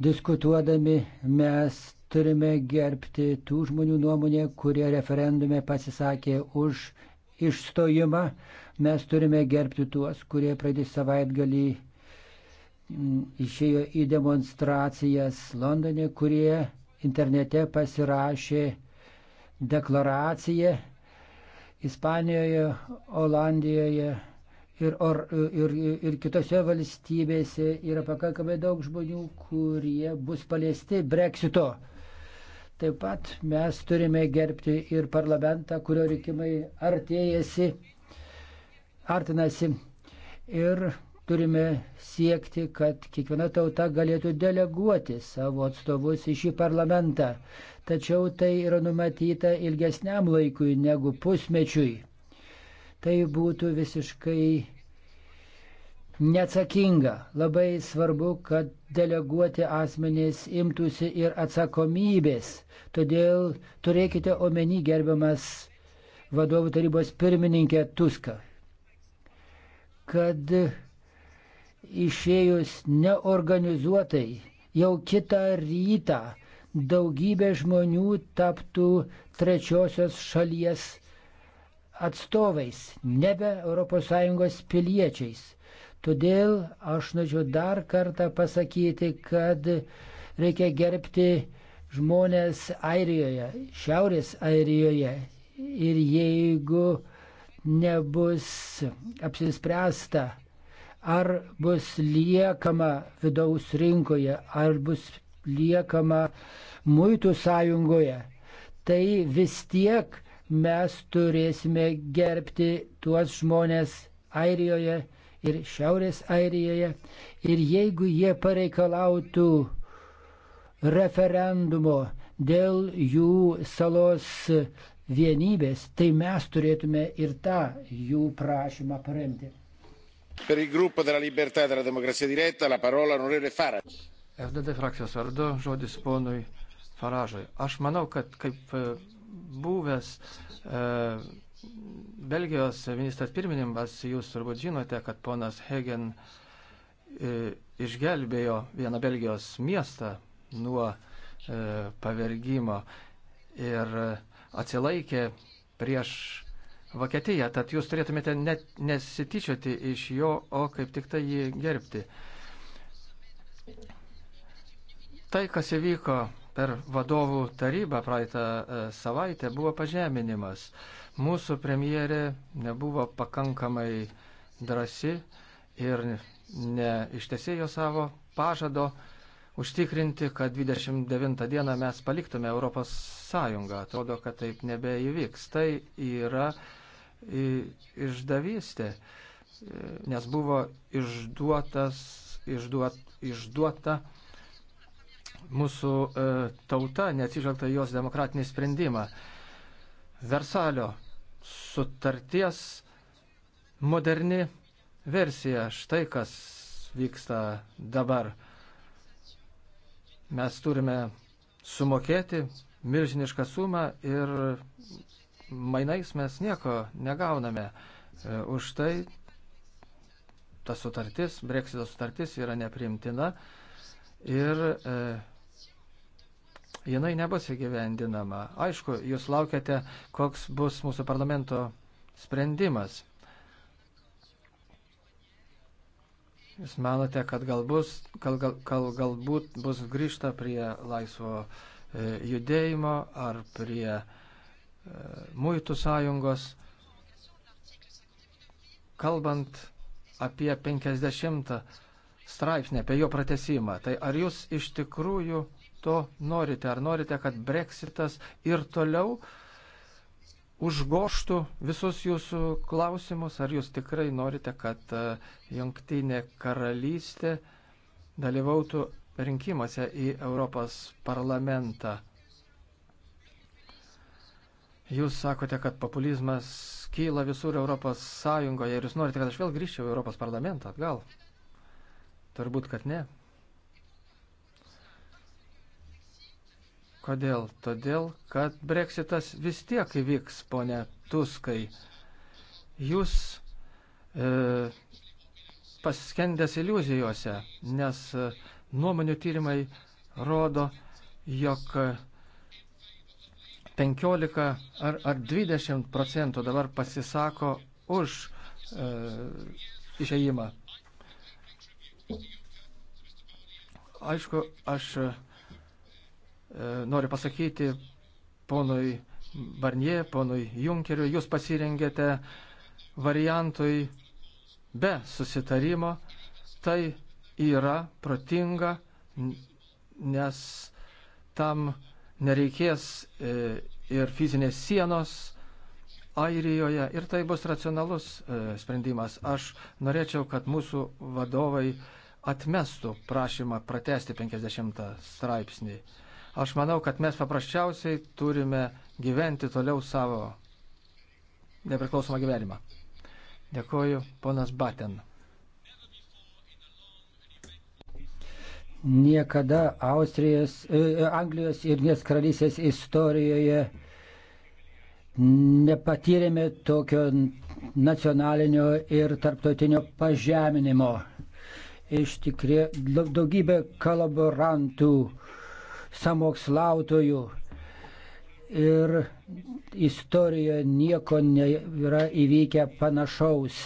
Diskutuodami mes Turime gerbti tų žmonių nuomonę, kurie referendume pasisakė už išstojimą. Mes turime gerbti tuos, kurie pradės savaitgalį mm, išėjo į demonstracijas Londone, kurie internete pasirašė deklaraciją Ispanijoje, Olandijoje ir, or, ir, ir kitose valstybėse yra pakankamai daug žmonių, kurie bus paliesti breksito. Taip pat mes turime gerbti ir parlamentą, kurio rinkimai artėjasi, artinasi. Ir turime siekti, kad kiekviena tauta galėtų deleguoti savo atstovus į šį parlamentą. Tačiau tai yra numatyta ilgesniam laikui negu pusmečiui. Tai būtų visiškai neatsakinga. Labai svarbu, kad deleguoti asmenys imtųsi ir atsakomybės. Todėl turėkite omeny gerbiamas vadovų tarybos pirmininkė Tuska, kad išėjus neorganizuotai jau kitą rytą daugybė žmonių taptų trečiosios šalies atstovais, nebe ES piliečiais. Todėl aš norėčiau dar kartą pasakyti, kad reikia gerbti žmonės Airijoje, Šiaurės Airijoje. Ir jeigu nebus apsispręsta, ar bus liekama vidaus rinkoje, ar bus liekama muitų sąjungoje, tai vis tiek mes turėsime gerbti tuos žmonės Airijoje, ir Šiaurės Airijoje. Ir jeigu jie pareikalautų referendumo dėl jų salos vienybės, tai mes turėtume ir tą jų prašymą paremti. Per il gruppo della libertà e della democrazia diretta la parola onorevole Farage. FDD frakcijos vardu žodis ponui Faražui. Aš manau, kad kaip e, buvęs e, Belgijos ministras pirmininkas, jūs turbūt žinote, kad ponas Hegen e, išgelbėjo vieną Belgijos miestą nuo e, pavergimo ir atsilaikė prieš Vokietiją, tad jūs turėtumėte net nesityčioti iš jo, o kaip tik tai jį gerbti. Tai, kas įvyko per vadovų tarybą praeitą e, savaitę, buvo pažeminimas. Mūsų premjerė nebuvo pakankamai drasi ir neištesėjo savo pažado užtikrinti, kad 29 dieną mes paliktume Europos Sąjungą. Atrodo, kad taip nebeįvyks. Tai yra išdavystė, nes buvo išduotas, išduot, išduota mūsų e, tauta, neatsižvelgta jos demokratinį sprendimą. Versalio sutarties moderni versija. Štai kas vyksta dabar. Mes turime sumokėti milžinišką sumą ir mainais mes nieko negauname. E, už tai ta sutartis, Brexito sutartis yra neprimtina ir e, jinai nebus įgyvendinama. Aišku, jūs laukiate, koks bus mūsų parlamento sprendimas. Jūs manote, kad galbūt, gal, gal, gal, galbūt bus grįžta prie laisvo e, judėjimo ar prie e, muitų sąjungos. Kalbant apie 50 straipsnį, apie jo pratesimą, tai ar jūs iš tikrųjų to norite? Ar norite, kad breksitas ir toliau užgoštų visus jūsų klausimus? Ar jūs tikrai norite, kad e, jungtinė karalystė dalyvautų rinkimuose į Europos parlamentą? Jūs sakote, kad populizmas kyla visur Europos Sąjungoje ir jūs norite, kad aš vėl grįžčiau į Europos parlamentą atgal? Turbūt, kad ne. Kodėl? Todėl, kad breksitas vis tiek įvyks, ponė Tuskai. Jūs e, paskendęs iliuzijose, nes e, nuomonių tyrimai rodo, jog 15 ar, ar 20 procentų dabar pasisako už e, išėjimą. Aišku, aš. E, E, noriu pasakyti ponui Barnie, ponui Junkeriu, jūs pasirengėte variantui be susitarimo. Tai yra protinga, nes tam nereikės e, ir fizinės sienos Airijoje ir tai bus racionalus e, sprendimas. Aš norėčiau, kad mūsų vadovai atmestų prašymą pratesti 50 straipsnį. Aš manau, kad mes paprasčiausiai turime gyventi toliau savo nepriklausomą gyvenimą. Dėkoju, ponas Baten. Niekada Austrijos, eh, Anglijos ir Nes karalystės istorijoje nepatyrėme tokio nacionalinio ir tarptautinio pažeminimo. Iš tikrųjų daugybė kolaborantų uh, samokslautojų. Ir istorijoje nieko nėra įvykę panašaus.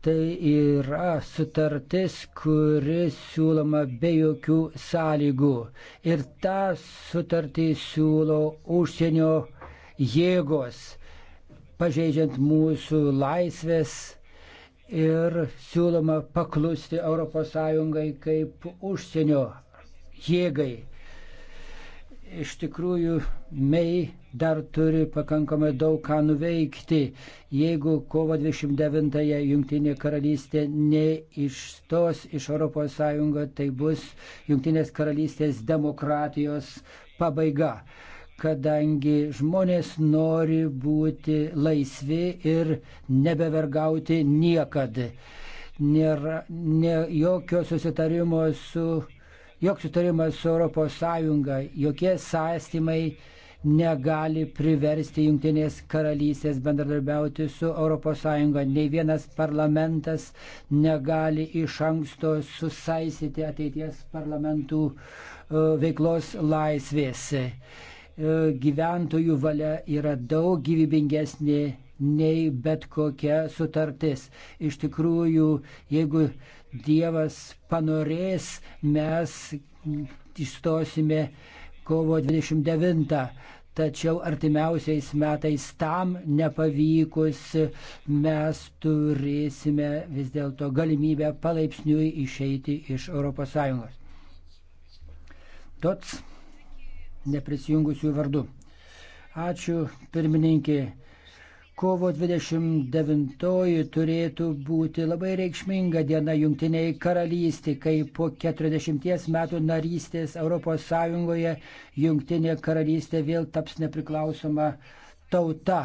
Tai yra sutartis, kuri siūloma be jokių sąlygų. Ir tą sutartį siūlo užsienio jėgos, pažeidžiant mūsų laisvės ir siūloma paklusti ES kaip užsienio jėgai. Iš tikrųjų, Mei dar turi pakankamai daug ką nuveikti. Jeigu kovo 29-ąją Junktinė karalystė neišstos iš ES, tai bus Junktinės karalystės demokratijos pabaiga kadangi žmonės nori būti laisvi ir nebevergauti niekad. Nėra ne, jokio susitarimo su joks sutarimas su ES, jokie sąstymai negali priversti Junktinės karalystės bendradarbiauti su ES. Nei vienas parlamentas negali iš anksto susaisyti ateities parlamentų e, veiklos laisvės. E, gyventojų valia yra daug gyvybingesnė nei bet kokia sutartis. Iš tikrųjų, jeigu Dievas panorės, mes įstosime kovo 29. Tačiau artimiausiais metais tam nepavykus mes turėsime vis dėlto galimybę palaipsniui išeiti iš ES. Tots neprisijungusių vardu. Ačiū pirmininkė. Kovo 29 turėtų būti labai reikšminga diena Junktiniai karalystė, kai po 40 metų narystės ES Junktinė karalystė vėl taps nepriklausoma tauta.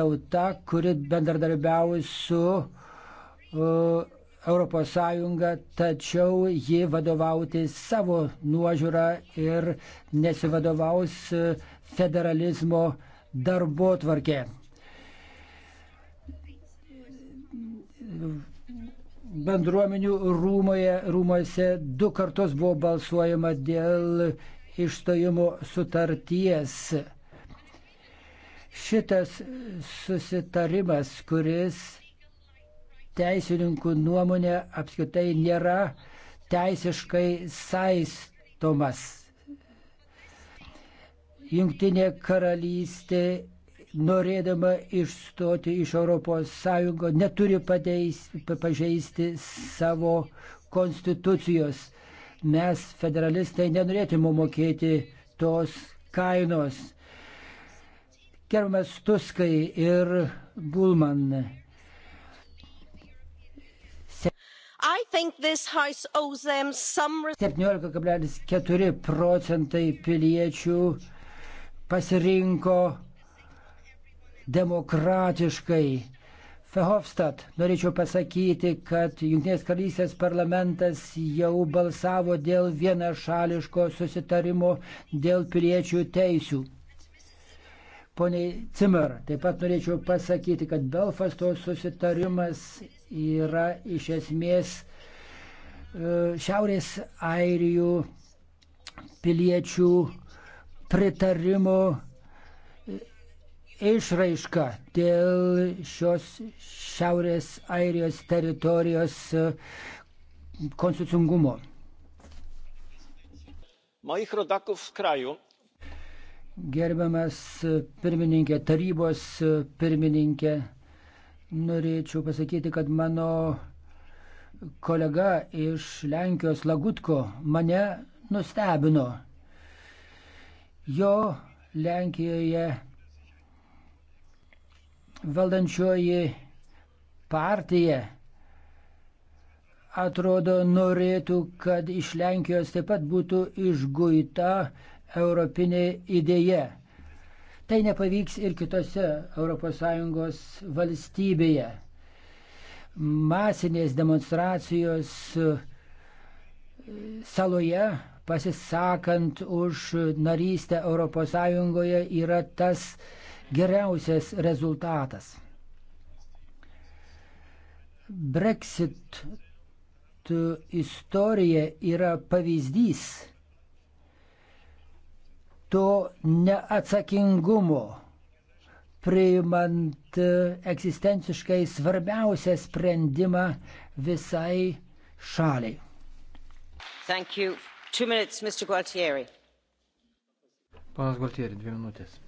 Tauta, kuri bendradarbiauja su uh, ES, tačiau ji vadovauti savo nuožiūrą ir nesivadovaus uh, federalizmo darbo tvarkė. bendruomenių rūmoje, rūmose du kartus buvo balsuojama dėl išstojimo sutarties. Šitas susitarimas, kuris teisininkų nuomonė apskritai nėra teisiškai saistomas. Jungtinė karalystė norėdama išstoti iš ES neturi padeis, pažeisti savo konstitucijos. Mes, federalistai, nenorėtume mokėti tos kainos. Gerbiamas Tuskai ir Bulman. Se... 17,4 procentai piliečių pasirinko demokratiškai. Fehofstadt, norėčiau pasakyti, kad Junktinės karalystės parlamentas jau balsavo dėl vienašališko susitarimo dėl piliečių teisių. Pone Cimer, taip pat norėčiau pasakyti, kad Belfasto susitarimas yra iš esmės e, Šiaurės Airijų piliečių pritarimo išraiška dėl šios Šiaurės Airijos teritorijos e, konstitucingumo. Moich rodaków w kraju. Gerbiamas e, pirmininkė, tarybos e, pirmininkė, norėčiau pasakyti, kad mano kolega iš Lenkijos Lagutko mane nustebino. Jo Lenkijoje valdančioji partija atrodo norėtų, kad iš Lenkijos taip pat būtų išguita europinė idėja. Tai nepavyks ir kitose ES valstybėje. Masinės demonstracijos e, saloje pasisakant už narystę ES yra tas, geriausias rezultatas. Brexit istorija yra pavyzdys to neatsakingumo priimant egzistenciškai svarbiausią sprendimą visai šaliai. Minutes, Ponas Gualtieri, dvi minutės.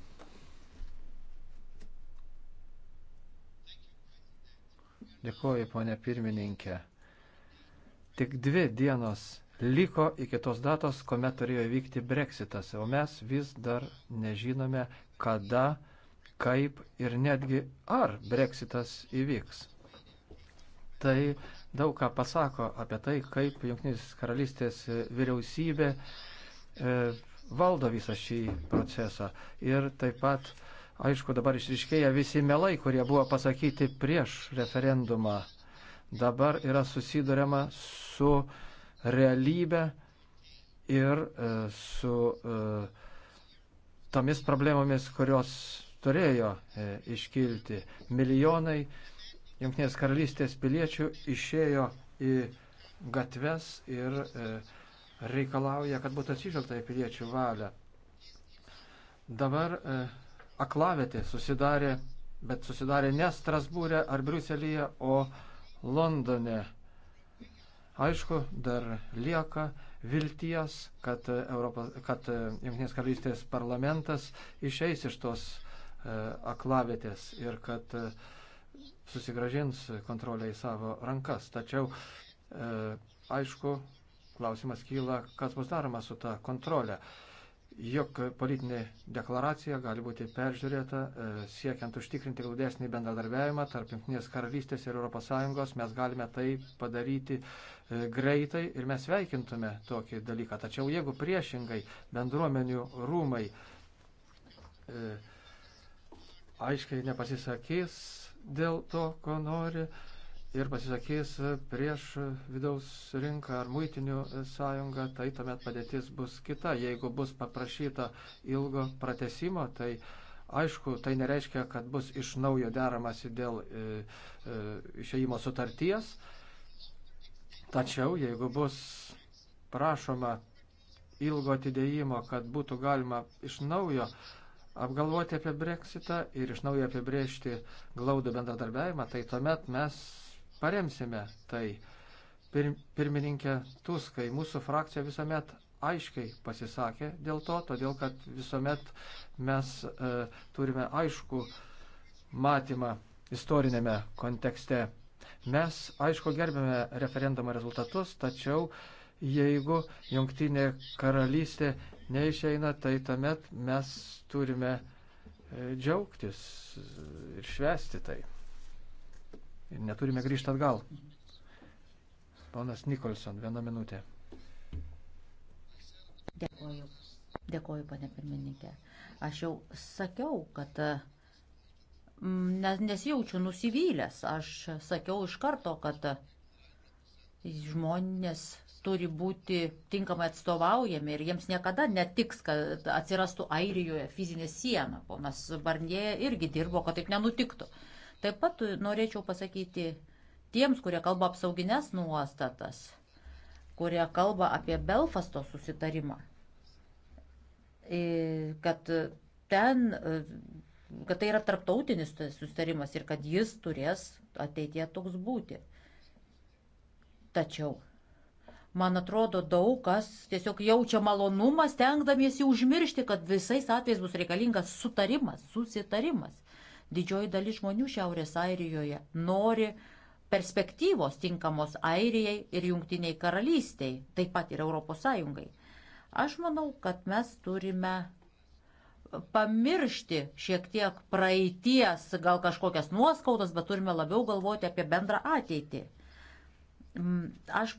Dėkuoju, ponė pirmininkė. Tik dvi dienos liko iki tos datos, kuomet turėjo vykti breksitas, o mes vis dar nežinome, kada, kaip ir netgi ar breksitas įvyks. Tai daug ką pasako apie tai, kaip Junktinės karalystės vyriausybė e, valdo visą šį procesą ir taip pat Aišku, dabar išriškėja visi melai, kurie buvo pasakyti prieš referendumą. Dabar yra susidurima su realybė ir e, su e, tomis problemomis, kurios turėjo e, iškilti. Milijonai Junktinės karalystės piliečių išėjo į gatves ir e, reikalauja, kad būtų atsižvelgta į piliečių valią. Dabar e, aklavėtė susidarė, bet susidarė ne Strasbūrė ar Briuselėje, o Londone. Aišku, dar lieka vilties, kad, Europos, kad e, Junktinės karalystės parlamentas išeis iš tos e, aklavėtės ir kad e, susigražins kontrolę į savo rankas. Tačiau, aišku, klausimas kyla, kas bus daroma su ta kontrolė jog politinė deklaracija gali būti peržiūrėta e, siekiant užtikrinti glaudesnį bendradarbiavimą tarp Junktinės karalystės ir ES. Mes galime tai padaryti e, greitai ir mes veikintume tokį dalyką. Tačiau jeigu priešingai bendruomenių rūmai e, aiškiai nepasisakys dėl to, ko nori, ir pasisakys prieš vidaus rinką ar muitinių sąjungą, tai tuomet padėtis bus kita. Jeigu bus paprašyta ilgo pratesimo, tai aišku, tai nereiškia, kad bus iš naujo deramasi dėl e, e, išeimo sutarties. Tačiau, jeigu bus prašoma ilgo atidėjimo, kad būtų galima iš naujo apgalvoti apie breksitą ir iš naujo apibriežti glaudų bendradarbiavimą, tai tuomet mes paremsime tai. Pir, pirmininkė Tuskai, mūsų frakcija visuomet aiškiai pasisakė dėl to, todėl kad visuomet mes e, turime aišku matymą istorinėme kontekste. Mes, aišku, gerbėme referendumo rezultatus, tačiau jeigu jungtinė karalystė neišeina, tai tuomet mes turime e, džiaugtis ir švesti tai ir neturime grįžti atgal. Ponas Nikolson, vieną minutę. Dėkoju. Dėkoju, pane pirmininkė. Aš jau sakiau, kad mm, nes, nesijaučiu nusivylęs. Aš sakiau iš karto, kad žmonės turi būti tinkamai atstovaujami ir jiems niekada netiks, kad atsirastų Airijoje fizinė siena. Ponas Barnėje irgi dirbo, kad taip nenutiktų. Uh, Taip pat norėčiau pasakyti tiems, kurie kalba apsauginės nuostatas, kurie kalba apie Belfasto susitarimą, kad ten, kad tai yra tarptautinis susitarimas ir kad jis turės ateitie toks būti. Tačiau man atrodo, daug kas tiesiog jaučia malonumą, stengdamiesi užmiršti, kad visais atvejais bus reikalingas sutarimas, susitarimas. Didžioji dalis žmonių Šiaurės Airijoje nori perspektyvos tinkamos Airijai ir Junktiniai karalystiai, taip pat ir Europos Sąjungai. Aš manau, kad mes turime pamiršti šiek tiek praeities, gal kažkokias nuoskaudas, bet turime labiau galvoti apie bendrą ateitį. Mm, aš,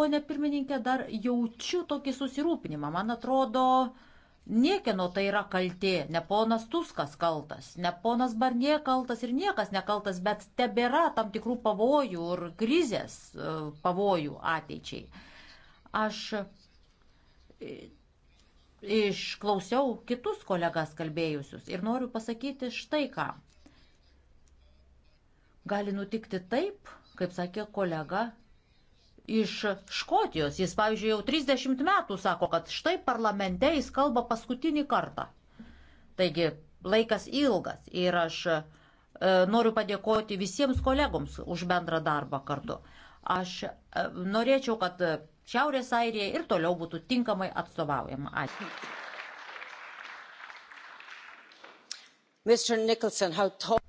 ponė pirmininkė, dar jaučiu tokį susirūpinimą. Man atrodo, uh, Niekieno tai yra kaltė, ne ponas Tuskas kaltas, ne ponas Barnie kaltas ir niekas nekaltas, bet tebėra tam tikrų pavojų ir krizės e, pavojų ateičiai. Aš e, išklausiau kitus kolegas kalbėjusius ir noriu pasakyti štai ką. Gali nutikti taip, kaip sakė kolega iš Škotijos. Jis, pavyzdžiui, jau 30 metų sako, kad štai parlamente jis kalba paskutinį kartą. Taigi laikas ilgas ir aš e, noriu padėkoti visiems kolegoms už bendrą darbą kartu. Aš e, norėčiau, kad Šiaurės Airija ir toliau būtų tinkamai atstovaujama. Ačiū. Mr. Nicholson, how tall?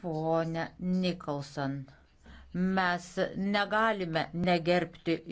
Pone Nicholson. Mes negalime negerbti